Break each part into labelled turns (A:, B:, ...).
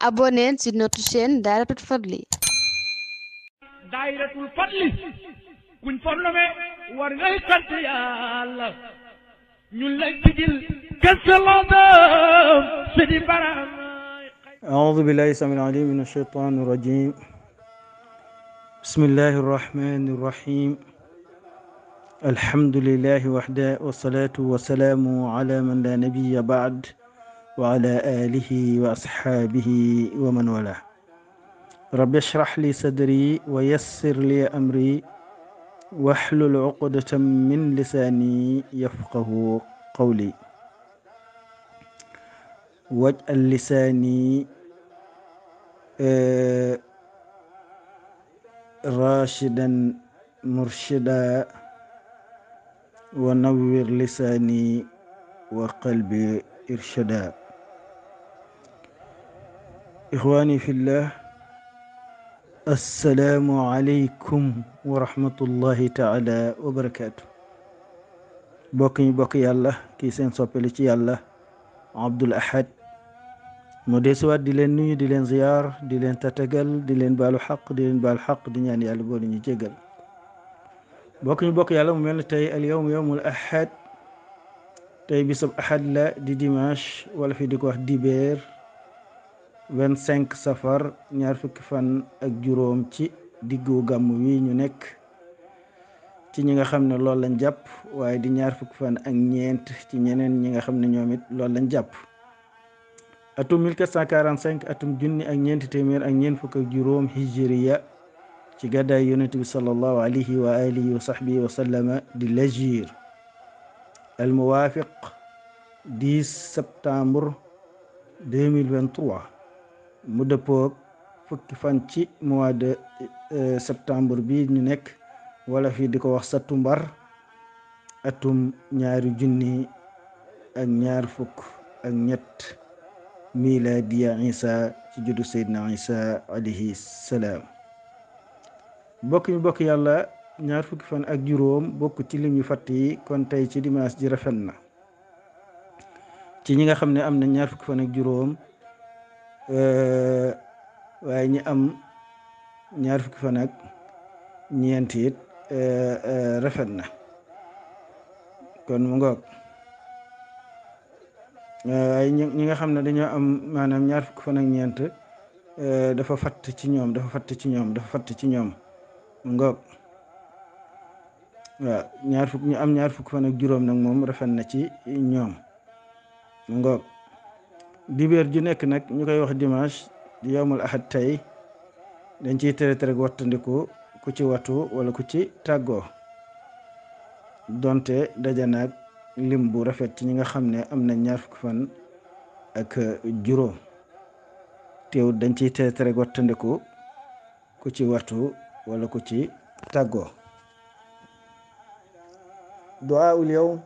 A: abonnez sur notre chaîne Dahiratoul Fadly Dahiratoul Fadly kuñ fornome war ngay sant yàlla ñun lay digil kësalaadam sidi baram أعوذ بالله السميع العليم من الشيطان الرجيم بسم الله الرحمن الرحيم الحمد لله وحده والصلاة والسلام على من لا نبي بعد wa ala alihi wa asxaabihi wa man wala rabbi ashrax li sadri wa yassir li amri waxlul uqdatan min lisaani yafqahu qawli waj al lisaani rashidan murshida wa nawwir lisaani wa qalbi irshada ixwaani fillah assalaamu aleykum wa taala wa barakaatu bokk ñu bokk yàlla kii seen soppali ci yàlla abdul ahad mu desuwaat di leen nuyu di leen ziyaar di leen tatagal di leen baalu xaq di leen baalu xaq di ñaan yàlla boolu ñu jégal bokk ñu bokk yàlla mu mel ne tey al yowm yowmul ahad tey bisab ahad la di dimanche wala di ko wax dibeer vingt-cinq safar ñaar fukki fan ak juróom ci diggu gàmmu wi ñu nekk ci ñi nga xam ne loolu lañ jàpp waaye di ñaar fukk fan ak ñeent ci ñeneen ñi nga xam ne ñoom it loolu lañ jàpp atum 1445 atum junni ak ñeenti téeméer ak ñeent fukk ak juróom hijriya ci gàddaay yonent bi sallallahu alayhi wa alihi wa sahbihi wa sallama di lajir al muwaafiq 10 septembre 2023 mu dëppoog fukki fan ci mois de euh, septembre bi ñu nekk wala fii di ko wax satumbar atum ñaari junni ak ñaar fukk ak ñett miladiya isa ci juddu seydina isa alayhi salaam bokk ñu bokk yàlla ñaar fukki fan ak juróom bokk ci lim yu yi kon tey ci dimaas ji rafet na ci ñi nga xam ne am na ñaar fukki fan ak juróom waaye ñi am ñaar fukki fan ak ñeent rafet na kon mu ngoog waaye ñi nga xam ne dañoo am maanaam ñaar fukki fan ak ñeent dafa fatt ci ñoom dafa fatt ci ñoom dafa fatt ci ñoom mu ngoog waaw ñaar am ñaar fukki fan juróom nag moom rafet na ci ñoom mu ngoog dibéer ju nekk nag ñu koy wax dimanche di yowmul axat tey dañ ciy tere tere wattandiku ku ci wattu walla ku ci tàggoo donte daja naag lim bu rafet ci ñi nga xam ne am na ñaar fukki fan ak juróom teewut dañ ciy tere tere wattandiku ku ci wattu wala ku ci tàggoo duaa ul yow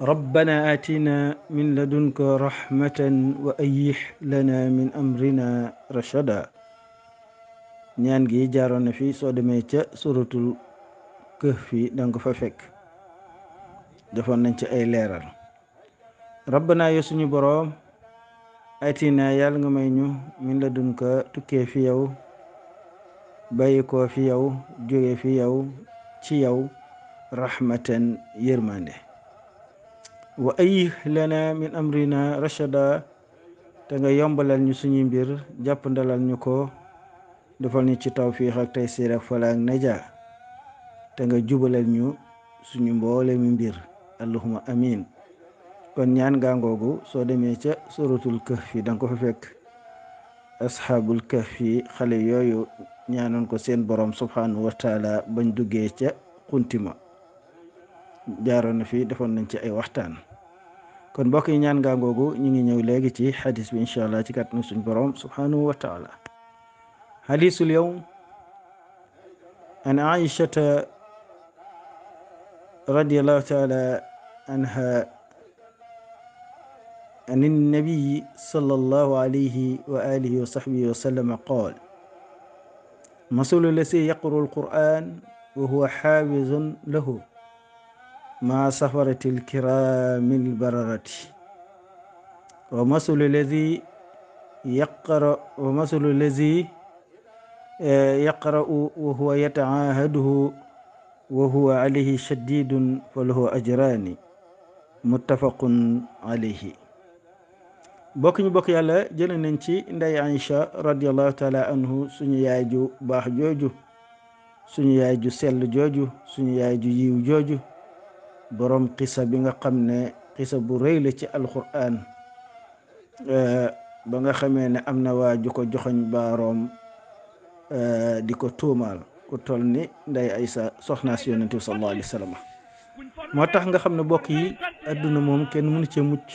A: ربنا آتنا من لدنك رحمة وأيح لنا من أمرنا رشدا ñaan gi jaaroon na fi soo demee ca suratul kahfi danga fa fekk defoon nañ ci ay leeral rabbana yo suñu boroom atina yàlla nga may ñu min la dun tukkee fi yow bàyyi koo fi yow jóge fi yow ci yow rahmatan yërmande wa ayih lana min amrina rachada te yombalal ñu suñu mbir jàppandalal ñu ko defal ñu ci tawfiix ak taysiir ak falaak naja te nga jubalal ñu suñu mboole mi mbir allahuma amin kon ñaan gaangoogu soo demee ca suratul kahfi danga ko fa fekk asxaabul kahfi xale yooyu ñaanoon ko seen borom subhanahu wa taala bañ duggee ca xuntima jaaroon na fi defoon nañ ci ay waxtaan kon mbokk yi ñaan ngaa googu ñu ngi ñëw léegi ci xadis bi incha allah ci kàttanu suñ borom subhanahu wa taala xadisul yowm an aishata radiallahu taala anha an النبي صلى الله عليه وآله وصحبه وسلم قال مثل الذي يقرأ القرآن وهو حافظ له ma safarati alkirami albararati wa masalu alladi yaqra wa masalu alladi yaqra'u wa huwa yata'ahaduhu wa huwa alayhi shadidun falahu ajraani muttafaqun alayhi bokk ñu bokk yàlla jële nañ ci ndey Aïcha radiallahu taala anhu suñu yaay ju baax jooju suñu yaay ju sell jooju suñu yaay ju yiw jooju boroom kisa bi nga xam ne xisa bu rëy la ci alquran eh, ba nga xamee ne am na waa ju ko joxoñ baaroom eh, di ko tuumaal ku tol ni nday aysa soxnaa si yonente bi sallallahu alayhi wa moo tax nga xam ne bokk yi adduna moom kenn mënu ci mucc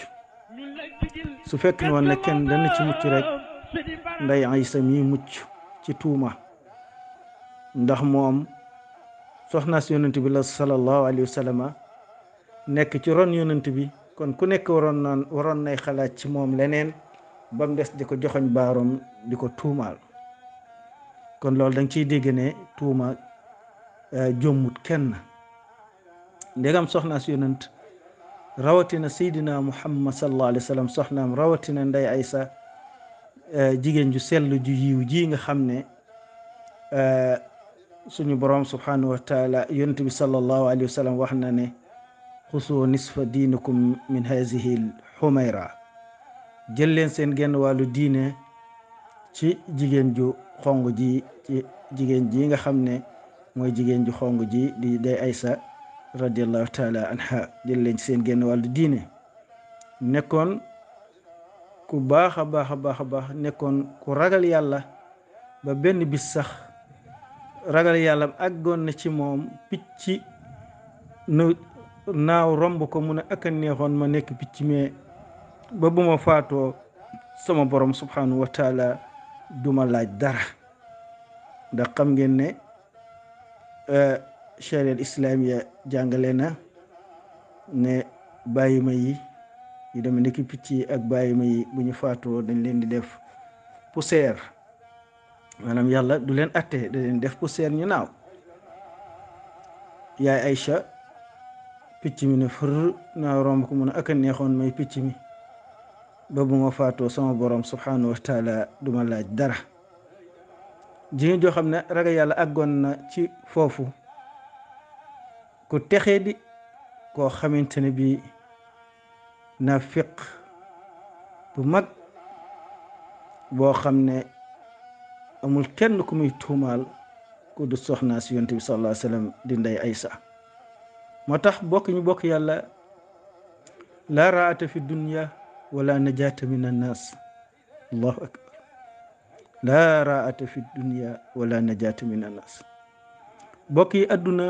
A: su fekk ne woon ne kenn dana ci mucc rek nday aysa mi mucc ci tuuma ndax moom soxnaa si bi la sallallahu alayhi wa nekk ci ron yonent bi kon ku nekk waroon naan waroon nay xalaat ci moom leneen ba mu des di ko joxoñ baaroom di ko tuumaal kon loolu danga ciy dégg ne tuuma euh, jommut kenn ndegam soxnaa si yonent rawatina seydina muhammad sallallahu alayhi wa sallam soxnaam rawatina nday aysa euh, jigéen ju sell ju yiw ji nga xam ne euh, suñu boroom subhanahu wa taala yonent bi sallallahu alayhi wa sallam wax na ne xusoo nisfa diinikum min hazihi xumayra jël leen seen genn wàllu diine ci jigéen ju xong ji ci jigéen ji nga xam ne mooy jigéen ju xong ji di day aysa radiallahu taala anha seen genn wàllu diine nekkoon ku baax a baax a baax a baax nekkoon ku ragal yàlla ba benn bis sax ragal yàlla àggoon na ci moom picc nu naaw romb ko mun a ak a neexoon ma nekk picc mais ba bu ma faatoo sama borom subhanahu wa du ma laaj dara ndax xam ngeen ne chariat euh, islamiya jàngale na ne bàyyi ma yi yu dem ndekki picc yi ak bàyyi ma yi faatoo dañ leen di def poussière maanaam yàlla du leen atte da leen def poussière ñu naaw yaay Aïcha picc mi ne fër naa romb ko mu ne aka neexoon may picc mi ba bu ma faatoo sama borom subhanahu wa du ma laaj dara jigéen joo xam ne ragal yàlla àggoon na ci foofu ku texee di koo xamante ne bi naafiq bu mag boo xam ne amul kenn ku muy tuumaal ku du soxnaa si bi sallallahu alayhi wa sallam moo tax bokk ñu bokk yàlla laa raata fi dunia wala najaata min annas fi dunia wala najaata min annas bokk yi àdduna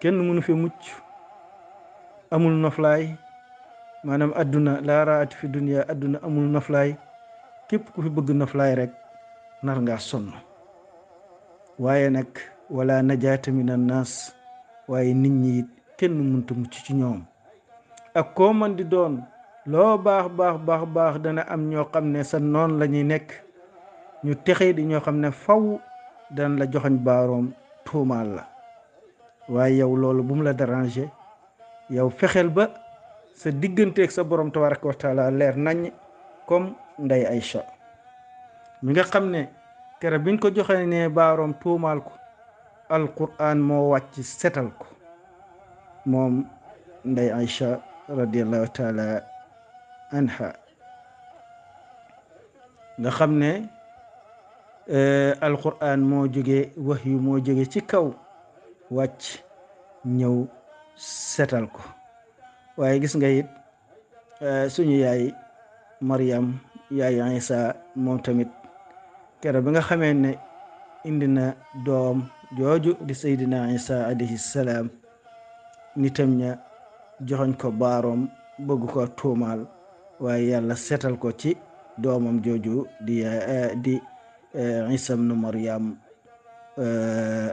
A: kenn mënu fi mucc amul noflaay maanaam àdduna laa raata fi dunia àdduna amul noflaay képp ku fi bëgg noflaay rek nar ngaa sonn waaye nag wala najaata min annas waaye nit ñi it kenn mënta mucc ci ñoom ak koo man di doon loo baax baax baax baax dana am ñoo xam ne sa noon la ñuy nekk ñu texe di ñoo xam ne faw dana la joxoñ baaroom tuumaal la waaye yow loolu bu mu la déranger yow fexeel ba sa digganteeg sa borom te tabaraka wa taala leer nañ comme ay Aïcha mi nga xam ne kere biñ ko joxee ne baaroom tuumaal ko alquran moo wàcc setal ko moom nday Aïcha radiallahu taala anha nga xam ne eh, alquran moo jóge wax moo jóge ci kaw wàcc ñëw setal ko waaye gis nga it eh, suñu yaay Maryam yaay Isa moom tamit kero bi nga xamee ne indi na doom jooju di saydina isa alayhi salaam nitam joxoñ ko baaroom bëgg ko tuumaal waaye yàlla seetal ko ci doomam jooju di eh, di eh, isa ibnu maryam eh,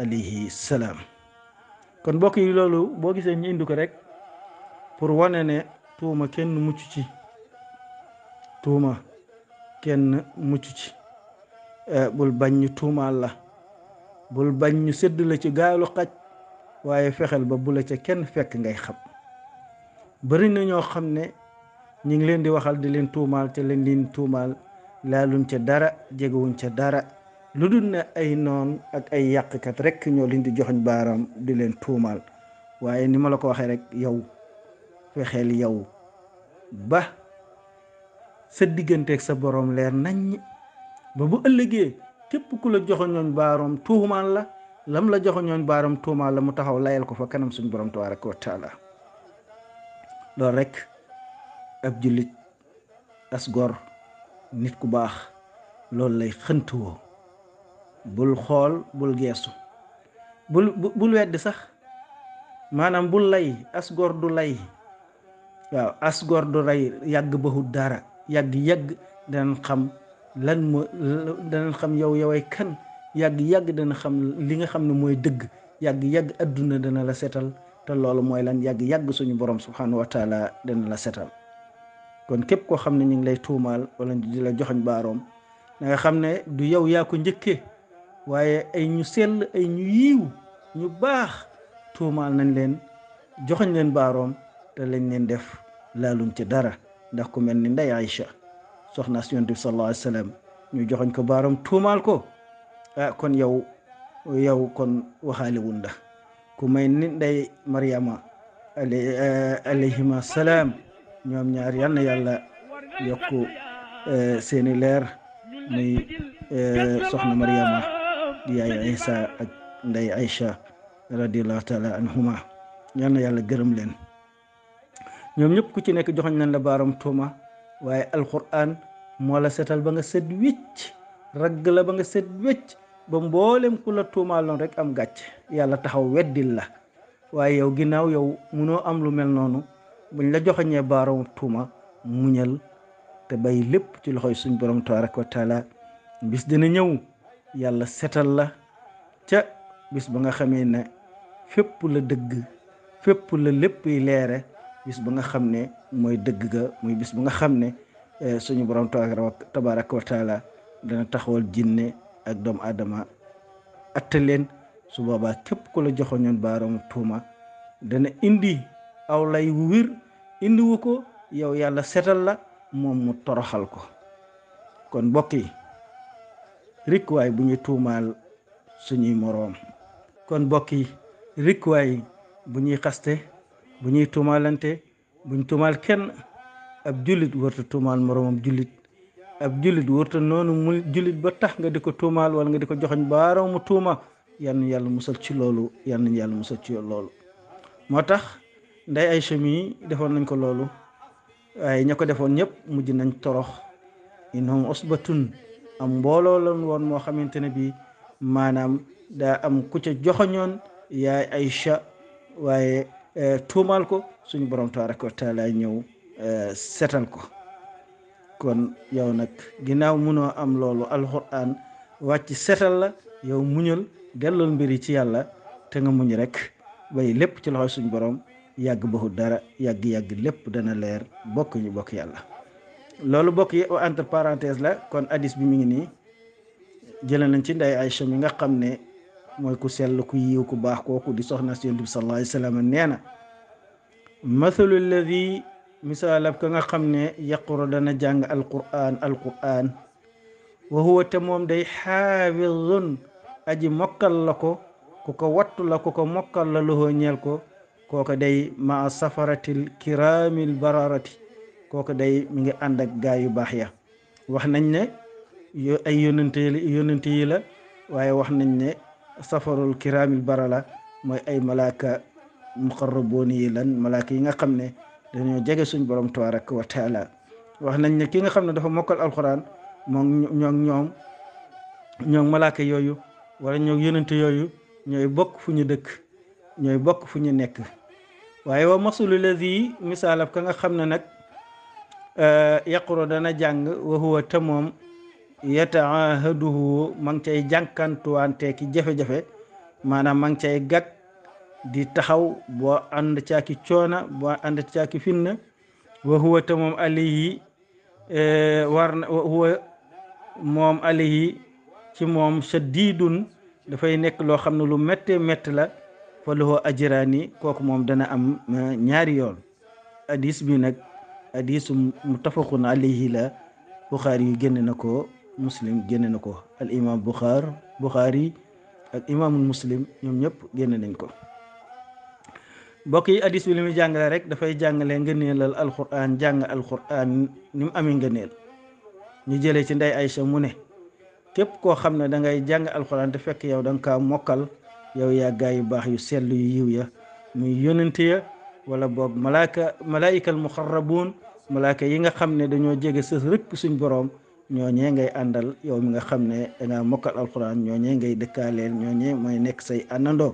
A: alayhi salaam kon mbokk yi loolu boo gisee ñu indi ko rek pour wane ne tuuma kenn mucc ci tuuma kenn mucc ci bul bañ ñu tuumaal la bul bañ ñu sedd la ci gaalu xaj waaye fexeel ba bu la ca kenn fekk ngay xam bari na ñoo xam ne ñu ngi leen di waxal di leen tuumaal te leen leen tuumaal laaluñ ca dara jegewuñ ca dara lu dul ne ay noon ak ay yàqkat rek ñoo leen di joxoñ baaraam di leen tuumaal waaye ni ma la ko waxee rek yow fexeel yow ba sa digganteeg sa boroom leer nañ ba bu ëllëgee képp ku la joxoñooñ baaroom tuumaan la lam la joxoñooñ baaroom tuumaan la mu taxaw layal ko fa kanam suñ borom tabaraka wa taala rek ab jullit as gor nit ku baax loolu lay xëntwoo bul xool bul geestu bul bul weddi sax maanaam bul lay as du lay waaw as du rey yàgg baxut dara yàgg-yàgg danañ xam lan moo danañ yow yoway kan yàgg-yàgg dana xam li nga xam ne mooy dëgg yàgg-yàgg adduna dana la setal te loolu mooy lan yàgg-yàgg suñu borom subhanahu wa taala dana la setal kon képp koo xam ne ñu ngi lay tuumaal wala di la joxoñ baaroom da xam ne du yow yaa ko waaye ay ñu sell ay ñu yiiw ñu baax tuumaal nañ leen joxoñ leen baaroom te lañ leen def laalum ci dara ndax ku mel ni Ndey Aïcha soxna si yonent bi sallallahu alayhi wa sallam ñu joxoñ ko baaram tuumaal ko ah, kon yow yow kon waxaale wunda ku may ni nday Mariama eh, alayhima salaam ñoom ñaar yal na yàlla yokku eh, seeni leer muy eh, soxna Mariama di yaay Isa ak nday Aïcha radiallahu taala anhuma yal na gërëm leen ñoom ñëpp ku ci nekk joxoñ nañ la baaram tuuma waaye alquran moo la setal ba nga set wécc ragg la ba nga set wécc ba mboolem ku la tuumaaloon rek am gàcc yàlla taxaw weddil la waaye yow ginnaaw yow munoo am lu mel noonu buñ la joxoñee baaroomu tuuma muñal te bay lépp ci loxoy suñ borom tabaraka wa taala bis dina ñëw yàlla setal la ca bis ba nga xamee ne fépp la dëgg fépp la lépp yi leere bis ba nga xam ne mooy dëgg ga muy bis ba nga xam ne eh, suñu borom tabaraka wa dana taxawal jinne ak doomu aadama atte leen su boobaa képp ku la joxoñoon baaraamu tuuma dana indi aw lay wu wir indi ko yow yàlla setal la moom mu toroxal ko kon mbokk yi rikwaay bu ñuy tuumaal suñuy moroom kon mbokk yi rikwaay bu ñuy xaste bu ñuy tuumaalante buñ tuumaal kenn ab julit warta tuumaal moroomam jullit ab jullit warta noonu mu jullit ba tax nga di ko tuumaal wala nga di ko joxoñ baaroomu tuuma yal na mu musal ci loolu yal na yàlla musal ci loolu moo tax nday ay chemie defoon nañ ko loolu waaye ña ko defoon ñëpp mujj nañ torox innahum usbatun am mbooloo lan woon moo xamante ne bi maanaam daa am ku ca joxoñoon yaay Aïcha waaye E, tuumaal ko suñu borom tabaraka wa taala ñëw e, setal ko kon yow nag ginnaaw munoo am loolu alxuraan wàcc setal la yow muñal delloo mbir yi ci yàlla te nga muñ rek bay lépp ci loxo suñu borom yàgg baxu dara yàgg-yàgg lépp dana leer bokk ñu bokk yàlla loolu bokk yi entre parenthèse la kon hadis bi mi ngi nii jëlee nañ ci nday Aïcha mi nga xam ne mooy ku sell ku yiw ku baax kooku di soxna si yonent bi sallallahu alayhi wa nee na mathalu alladi misaalab ka nga xam ne yaqura dana jàng alquran alquran wa huwa te moom day xaafizun aji mokkal la ko ku ko wattu la ku ko mokkal la loxoo ñeel ko kooka day ma safaratil kiraamil bararati kooka day mi ngi ànd ak yu baax ya wax nañ ne ay yonente yi wax nañ ne safarul kiraamil barala mooy ay malaaka muqarraboon yi lan malaaka yi nga xam ne dañoo jege suñ borom tabaraka wa taala wax nañ ne ki nga xam ne dafa mokkal alxuraan moom ñoom ñoom ñoom malaaka yooyu wala ñoom yonente yooyu ñooy bokk fu ñu dëkk ñooy bokk fu ñu nekk waaye wa masulu ladi misaalab ka nga xam ne nag eh, yaquro dana jàng wa huwa te moom yataahaduhu ma ngi cay jànkantuwante ki jafe-jafe maanaam ma ngi cay gàg di taxaw boo ànd caaki coona boo ànd caaki finna wa huwa te moom alayhi eh, war na huwa moom alayhi ci moom shadidun dafay nekk loo xam ne lu métte métt la fa lahu ajraani kooku moom dana am eh, ñaari yoon hadis bi nag hadisu muttafaqun alayhi la Buxaari yu génn na ko muslim génne na ko al imam buxaar buxaari ak imaamul muslim ñoom ñëpp génne nañ ko mbokk yi hadis bi li muy jàngale rek dafay jàngale ngëneelal alquran jàng alquran ni mu amee ngëneel ñu jëlee ci ndey Aïcha mu ne képp koo xam ne dangay jàng alxuraan te fekk yow danga nga kaa mokkal yow yàggaay yu baax yu sellu yu yiw ya muy yónnante ya wala boog malaaka malaayikal muxarrabuun malaaka yi nga xam ne dañoo jege sa rëkk suñ boroom ñooñee ngay àndal yow mi nga xam ne dangaa mokkal alxuraan ñooñee ngay dëkkaaleel ñooñee mooy nekk say àndandoo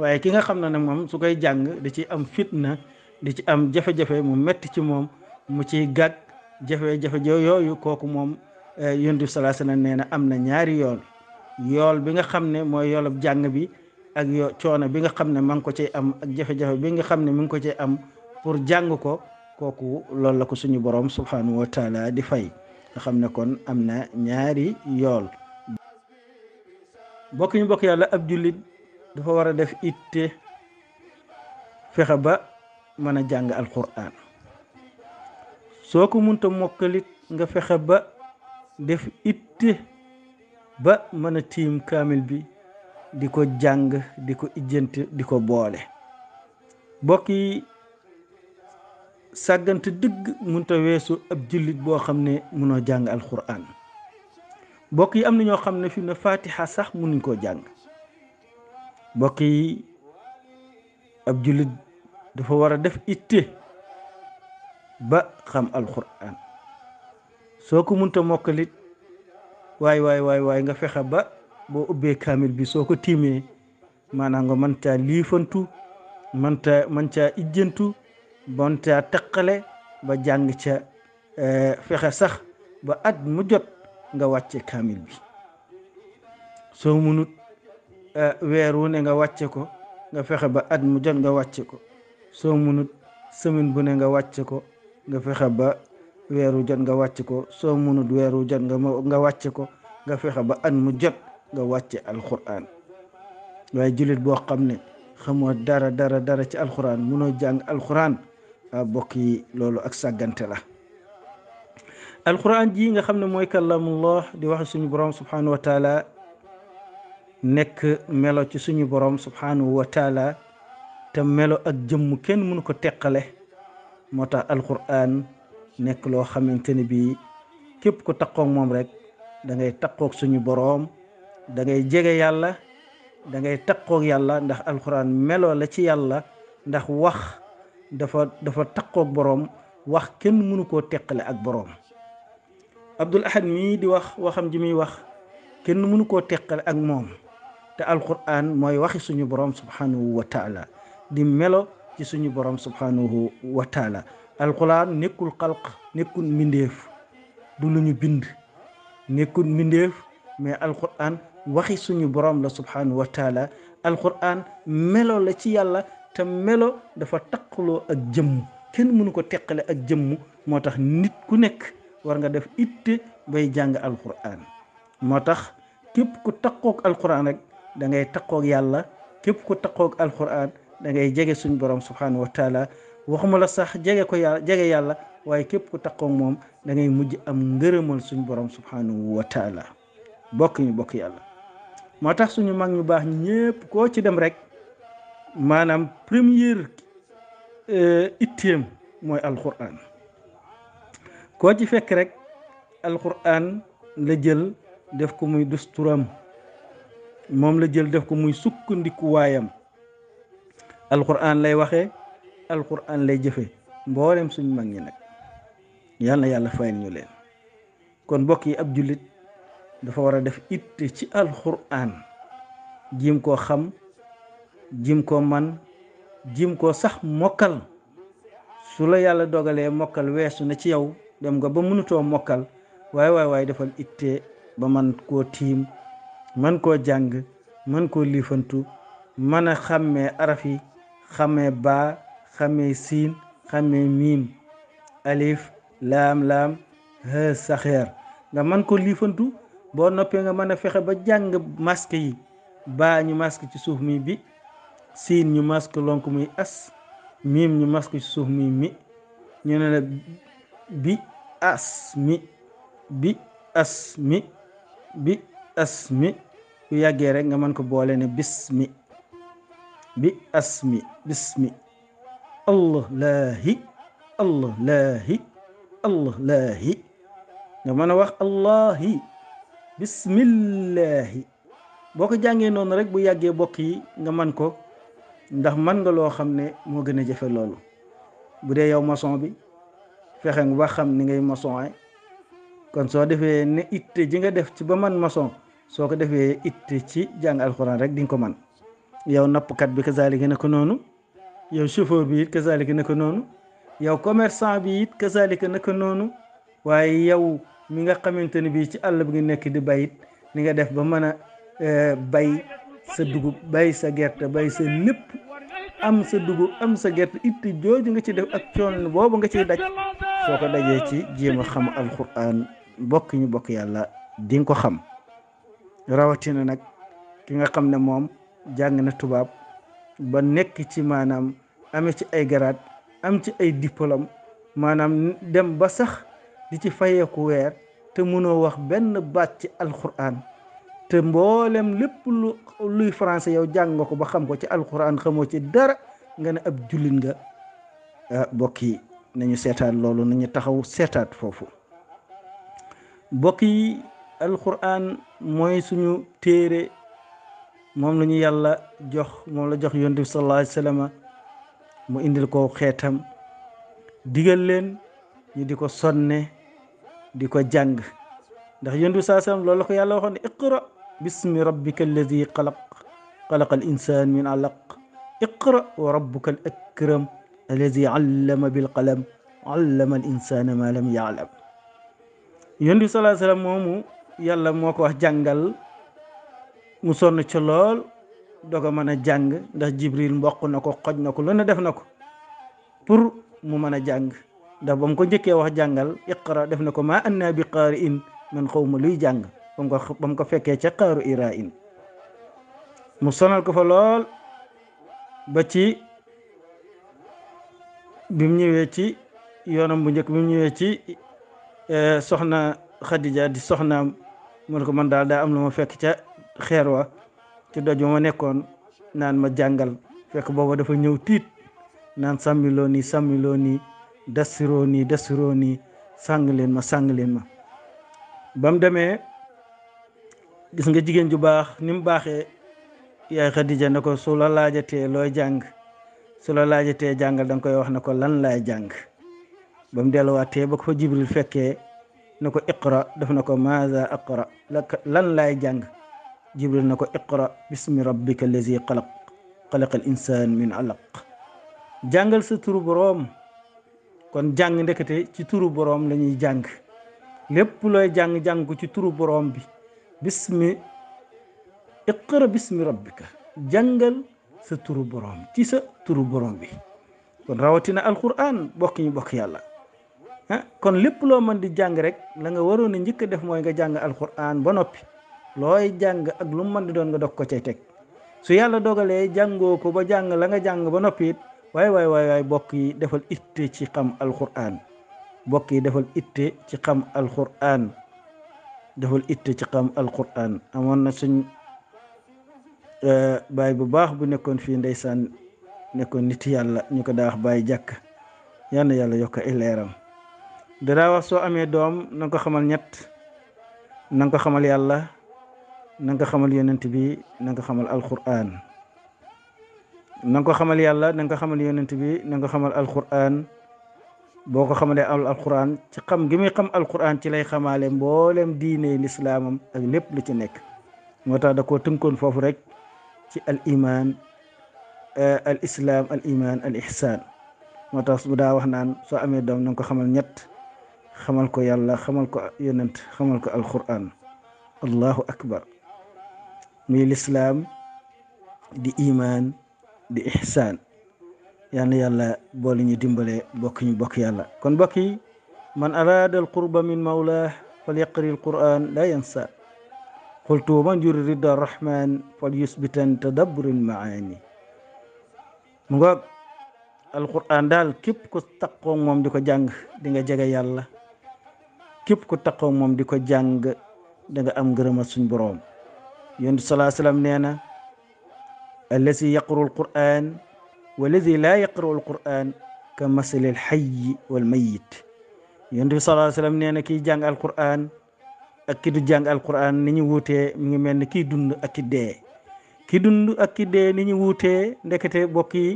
A: waaye ki nga xam ne moom su koy jàng da ci am fitna di ci am jafe-jafe mu ci moom mu ciy gàgg jafe-jafe yooyu kooku moom eh, yonent bi sallallahu nee na am na ñaari yool yool bi nga xam ne mooy yoolab jàng bi ak yo bi nga xam ne ma ngi ko ci am ak jafe-jafe bi nga xam ne mi ngi ko cay am pour jàng ko kooku loolu la ko suñu borom subhanahu wa di fay nga xam ne kon am na ñaari yool bokk ñu bokk yàlla ab jullit dafa war a def itte fexe ba mën a jàng alquran soo ko mënta mokkalit nga fexe ba def itte ba mën a tiim kaamil bi di ko jàng di ko ijjant di ko boole bokk sàggante dëgg mënta weesu ab jullit boo xam ne mënoo jàng alxuraan bokk yi am na ñoo xam ne fi mu ne fatiha sax mënuñ koo jàng mbokk yi ab jullit dafa war a def itte ba xam alxuraan soo ko mënta mokkalit waay waay waay waay nga fexe ba boo ubbee kaamil bi soo ko tiimee maanaam nga mën caa liifantu mën caa mën caa ijjantu bonta taqale ba jàng ca eh, fexe sax ba at mu jot nga wàcce kaamil bi soo munut eh, weer wu nga wàcce ko nga fexe ba at mu jot nga wàcce ko soo munut semaine bu ne nga wàcce ko nga fexe ba weeru jot nga wàcce ko soo munut weeru jot nga nga wàcce ko nga fexe ba at mu jot nga wàcce alquran waaye jullit boo xam ne xamoo dara dara dara ci alquran munoo jàng alquran Ah, bokk yi loolu ak sàggante la alquran ji nga xam ne mooy kalamullah di wax suñu borom subhanahu wa taala nekk melo ci suñu borom subhanahu wa taala te melo ak jëmm kenn mënu ko teqale moo tax alquran nekk loo xamante ne bii képp ko taqoog moom rek dangay ngay suñu boroom dangay jege yàlla dangay ngay yàlla ndax alquran melo la ci yàlla ndax wax dafa dafa takkook boroom wax kenn mënu koo teqale ak boroom Abdul Ahad mii di wax waxam ji muy wax kenn mënu koo teqale ak moom te alquran mooy waxi suñu boroom subhanahu wa di melo ci suñu boroom subhanahu wa taala alquran nekkul xalq nekkul mbindeef du lu ñu bind nekkul mbindeef mais alquran waxi suñu boroom la subhanahu wa taala alquran melo la ci yàlla te melo dafa taqaloo ak jëmm kenn mënu ko teqale ak jëmm moo tax nit ku nekk war nga def itte bay jàng alquran moo tax képp ku taqoog alquran rek da ngay yàlla képp ku taqoog alxuraan da ngay jege suñ borom subhanahu wa taala waxuma la sax jege ko yàlla jege yàlla waaye képp ku taqoog moom da ngay mujj am ngërëmal suñ borom subhanahu wa taala bokk ñu bokk yàlla moo tax suñu mag ñu baax ñépp koo ci dem rek maanaam première euh, itteem mooy alquran koo ci fekk rek alquran la jël def ko muy dusturam moom la jël def ko muy sukkandiku waayam alquran lay waxee alquran lay jëfe mboolem suñ mag ñi nag yàlla yàlla fay ñu leen kon mbokk yi ab jullit dafa war a def itte ci alquran jiim koo xam jim koo man jim ko sax mokkal su la yàlla dogalee mokkal weesu na ci yow dem nga ba mënutoo mokkal waaye waay waaye defal ittee ba man koo tiim man koo jàng man koo liifantu mën a xàmmee arafi yi baa xamee siin xàmmee miim alif laam laam ha saxeer nga man ko liifantu boo noppee nga mën a fexe ba jàng mask yi baa ñu mask ci suuf mii bi siin ñu masque lonk muy as miim ñu masque ci suuf muy mi ñu ne la bi as mi bi as mi bi as mi bu yàggee rek nga mën ko boole ne bismi bi asmi bismi allah laahi allah laahi allah laahi nga mën a wax allahi bismillahi boo ko jàngee noonu rek bu yàggee bokk yi nga mën ko ndax man nga loo xam ne moo gën a jafe loolu bu dee yow maçon bi fexe nga ba xam ni ngay maçon ay kon soo defee ne itte ji nga def ci ba man maçon soo ko defee itte ci jàng alxuraan rek di nga ko man yow nappkat bi kazaalika na ko noonu yow chauffeur bi it kazaalika na ko noonu yow commerçant bi it kazaalika na ko noonu waaye yow mi nga xamante ne bii ci àll bi nga nekk di bay it ni nga def ba mën a eh, bay sa dugub bay sa gerte bay sa lépp am sa dugub am sa gerte itti jooju nga ci def ak coono boobu nga ciy daj soo ko dajee ci jéem a xam alquran bokk ñu bokk yàlla di ko xam rawatina nag ki nga xam ne moom jàng na tubaab ba nekk ci maanaam amee ci ay garaat am ci ay diplôme maanaam dem ba sax di ci fayeeku weer te mënoo wax benn baat ci alquran te mboolem lépp lu luy français yow jàng nga ko ba xam ko ci alquran xamoo ci dara nga ne ab jullit nga ah, bokk yi nañu seetaat loolu nañu taxaw seetaat foofu bokk yi alquran mooy suñu téere moom la ñu yàlla jox moom la jox yonent bi sallallahu alayhi wa mu indil ko xeetam digal leen ñu di ko sonne di ko jàng ndax yonent bi sallallahu alayhi la ko yàlla waxoon ne bismi rabbika alladi xalaq xalaqa al insaan min alaq iqra wa rabbuka al akram alladi allama bil qalam allama al ma lam yaalam yonent bi salaam moomu yàlla moo ko wax jàngal mu sonn ci lool doog a mën a jàng ndax jibril mboq na ko xoj na ko lu def na ko pour mu mën a jàng ndax ba mu ko njëkkee wax jàngal iqra def na ko bi qaari man xaw luy jàng bam ko bam ko fekkee ca xaaru ira in mu sonal ko fa lool ba ci bim ñëwee ci yoonam bu njëkk bimu ñëwee ci eh, soxna Xadija di soxnaam mu ne ko man daal daa am lu ma fekk ca xeer wa ci doj ma nekkoon naan ma jàngal fekk booba dafa ñëw tiit naan sàmmiloo nii sàmmiloo nii dasiroo nii dasiroo nii sàng leen ma sàng leen ma bam demee gis nga jigéen ju baax ni mu baaxee yaay Xadija ne ko su la laajatee looy jàng su la laajatee jàngal da koy wax ne ko lan laay jàng ba mu delluwaatee ba ko fa Jibril fekkee ne ko iqra def na ko maaza aqra lan laay jàng Jibril na ko iqra bismi rabbika allazi xalaq xalaqal insaan min alaq jàngal sa turu kon jàng ndekete ci turu boroom la ñuy jàng lépp looy jàng jàng ko ci turu boroom bi bismi iqra bismi rabbika jàngal sa turu borom ci sa turu borom bi kon rawatina alquran bokk ñu bokk yàlla ah kon lépp loo mën di jàng rek la nga waroon a njëkk a def mooy nga jàng alquran ba noppi looy jàng ak lu mu mën di doon nga dog ko cay teg su yàlla dogalee jàngoo ko ba jàng la nga jàng ba noppiit waaye waaye waay waay yi defal itte ci xam alquran bokk yi defal itte ci xam alquran defal itte ci xam alquran amoon na suñ eh, baay bu baax bu nekkoon fii ndeysaan nekkoon nit yàlla ñu ko daa wax bàyyi jàkk yal na yàlla yokk ay leeram dadaa wax soo amee doom na ko xamal ñett na ko xamal yàlla na ko xamal yonent bi na ko xamal alquran na boo ko xamalee al alquran ci xam gi muy xam alquran ci lay xamaale mboolem diine lislaamam ak lépp lu ci nekk moo tax da koo tënkoon foofu rek ci al iman eh, al islam al iman moo tax bu daa wax naan soo amee doom na ko xamal ñett xamal ko yàlla xamal ko yonent xamal ko alquran allahu akbar muy lislaam di iman di ihsan yal na yàlla boole ñu dimbale bokk ñu bokk yàlla kon bokk yi man araada al qurba min mawlah fal yaqri al quran la yansa qultu man juri rida arrahman fal yusbitan tadabbur al maani mu ngoog alquran daal képp ku taqoog moom di ko jàng di jege yàlla képp ku taqoog moom di ko jàng da am ngërëma suñ boroom yonent salaa salaam nee na allazi yaqru alquran wallazi laa yaqra'u alquran ka masali alxayi walmayit yonent bi sallallahu alayhi wa sallam nee na kiy jàng alquran ak ki du jàng alquran ni ñu wuutee mi ngi mel ni kiy dund ak ki dee dund ak ki ni ñu wuutee ndekete bokk yi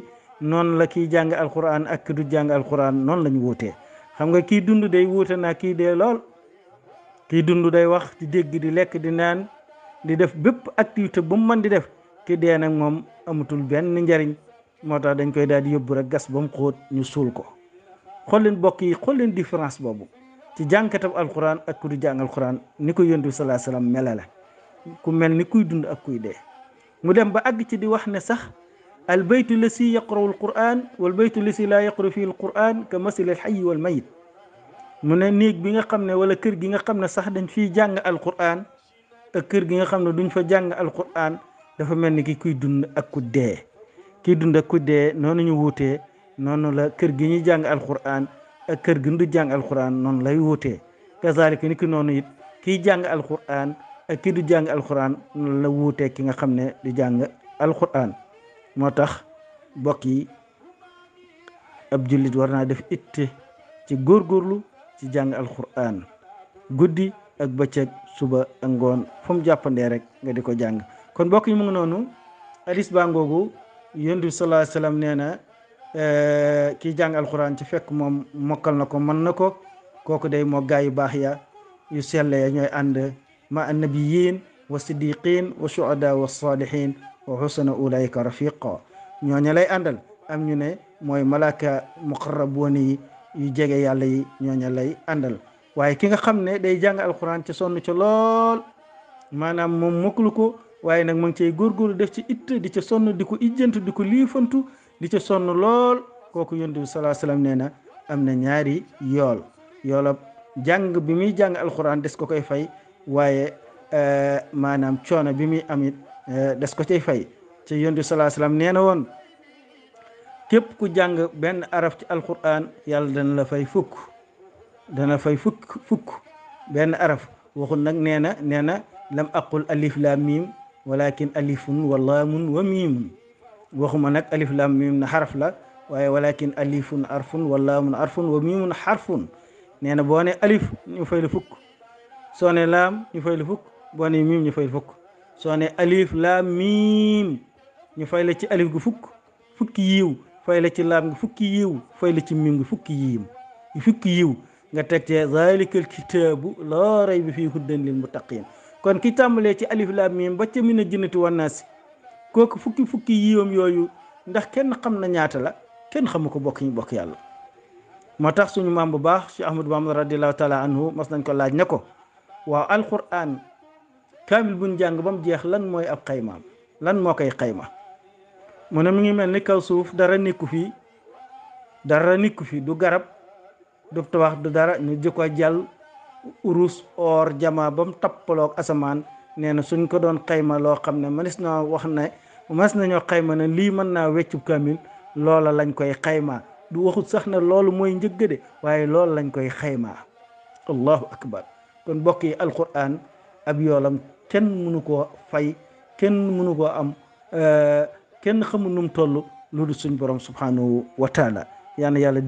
A: noonu la kiy jàng alquran ak du jàng alquran noonu la ñu wuutee xam nga kii dund day wuute na kii dee lool kii dund day wax di di lekk di naan di def bépp activité bu mu mën di def ki dee nag moom amatul benn njariñ moo tax dañ koy daal di yóbbu rek gas ba mu ñu suul ko xool leen bokk yi xool leen différence boobu ci jànkatab alquran ak ku di jàng ni ko yonent salaa salaam melale ku mel ni kuy dund ak kuy mu dem ba àgg ci di wax ne sax al baytu la si yaqrawu alquran wal baytu la si fii alquran ka masili alxayi wal mayit mu ne néeg bi nga xam ne wala kër gi nga xam ne sax dañ fiy jàng alquran ak kër gi nga xam ne duñ fa jàng alquran dafa mel ni kii kuy dund ak ku dee kii dund ak ku dee noonu ñu wuutee noonu la kër gi ñuy jàng alquran ak kër gi du jàng alquran noonu lay wuutee kazalika ni ki noonu it kii jàng alquran ak du jàng alquran la wuutee ki nga xam ne du jàng alxuraan moo tax mbokk yi ab jullit war naa def itte ci góorgóorlu ci jàng alquran guddi ak bëccëg suba ak ngoon fu mu jàppandee rek nga di ko jàng kon mbokk mu ngi noonu hadis baa ngoogu yonent bi sallallahu alayhi wasallam nee na eh, ci fekk moom mokkal na ko man na ko kooku day moo gaa yu baax ya yu selle ya ñooy ànd ma annabiyin wa siddiqin wa shuhada wa salihin wa xusana ulaika rafiqa ñooñu lay àndal am ñu ne mooy malaaka muqarraboon yi yu jege yàlla yi ñooñu lay àndal waaye ki nga xam ne day jàng alxuraan ci ci lool maanaam moom mokkalu ko waaye nag ma ngi cay góorgóorlu def ci it di ca sonn di ko ijjantu di ko liifantu di ca sonn lool kooku yonent bi salaa salaam nee na am na ñaari yool yoolab jàng bi muy jàng alxuraan des ko koy fay waaye eh, maanaam coono bi muy am eh, des ko cay fay ci yonent bi salaa salaam nee na woon képp ku jàng benn araf ci alxuraan yàlla dana la fay fukk dana fay fukk benn araf waxul nag nee na nee na lam aqul alif lam walakin alifun wa laamun wa miimun waxuma nag alif laam miim na xaraf la waaye walakin alifun arfun wa laamun arfun wa miimun xarfun nee na boo ne alif ñu fay la fukk soo ne laam ñu fay la fukk boo ne miim ñu fay la fukk soo ne alif laam miim ñu fay la ci alif gu fukk fukki yiiw fay la ci laam gi fukki yiiw fay la ci miim gi fukki yiim fukki yiiw nga teg cee zalikal kitaabu laa rayba fiihi hudan lil muttaqiin kon ki tàmbalee ci alif laam miim ba ca mina jinnati wan naasi kooku fukki fukki yiwam yooyu ndax kenn xam na ñaata la kenn xamu ko bokk ñu bokk yàlla moo tax suñu maam bu baax Cheikh Ahmadou Bamba radiallahu taala anhu mas nañ ko laaj ne ko waaw alquran kaamil buñ jàng ba mu jeex lan mooy ab xaymaam lan moo koy xayma mu ne mu ngi mel ni kaw suuf dara nekku fii dara nekku fii du garab du tabax du dara ñu di jàll urus or jama ba mu tappaloog asamaan nee na suñ ko doon xayma loo xam ne mënees na wax ne mënees nañoo xayma ne lii mën naa weccub kaamil loola lañ koy xayma du waxut sax ne loolu mooy njëgg de waaye loolu lañ koy xaymaa allahu akbar kon mbokk yi alquran ab yoolam kenn mënu koo fay kenn mënu koo am euh, kenn xamul nu mu toll lu du suñ borom subhanahu wa taala yal na yàlla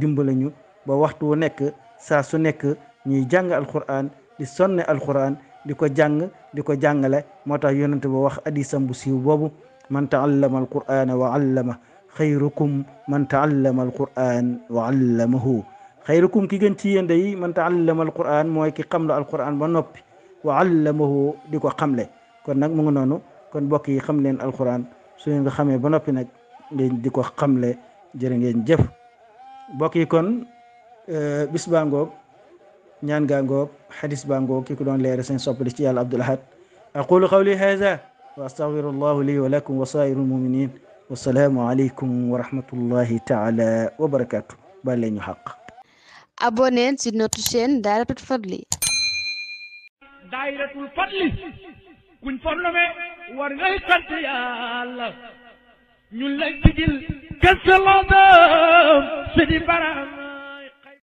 A: ba waxtu wu nekk saa su nekk ñuy jàng alquran di sonne alquran di ko jàng di ko jàngale moo ta yonent boo wax hadisam bu siiw boobu man taallama alqurana wa allama xayrukum man taallama alquran wa allamahu xayrukum ki gën ci yéen day man taallama alquran mooy ki xam la alquran ba noppi wa allamahu di ko xamle kon nag mu ngi noonu kon mbokk yi xam leen alquran su ngeen ko ba noppi nag ngeen di ko xamle jërë ngeen jëf mbokk yi kon eh, bis baa ñaan gaa ngoog xadis baa ngoog ki ko doon leeral seen soppali ci yàlla Abdul Ahad aqulu qawli hada wa astagfirullahu li wa lakum wa sairil muminin wassalaamu aleykum wa rahmatullahi taala wa barakatu ba leen ñu xaq abonnez sur notre chaîne Dahiratoul Fadly Dahiratoul Fadly kuñ fornome war ngay sant yàlla ñun lay digil gëstaloodam sidi baram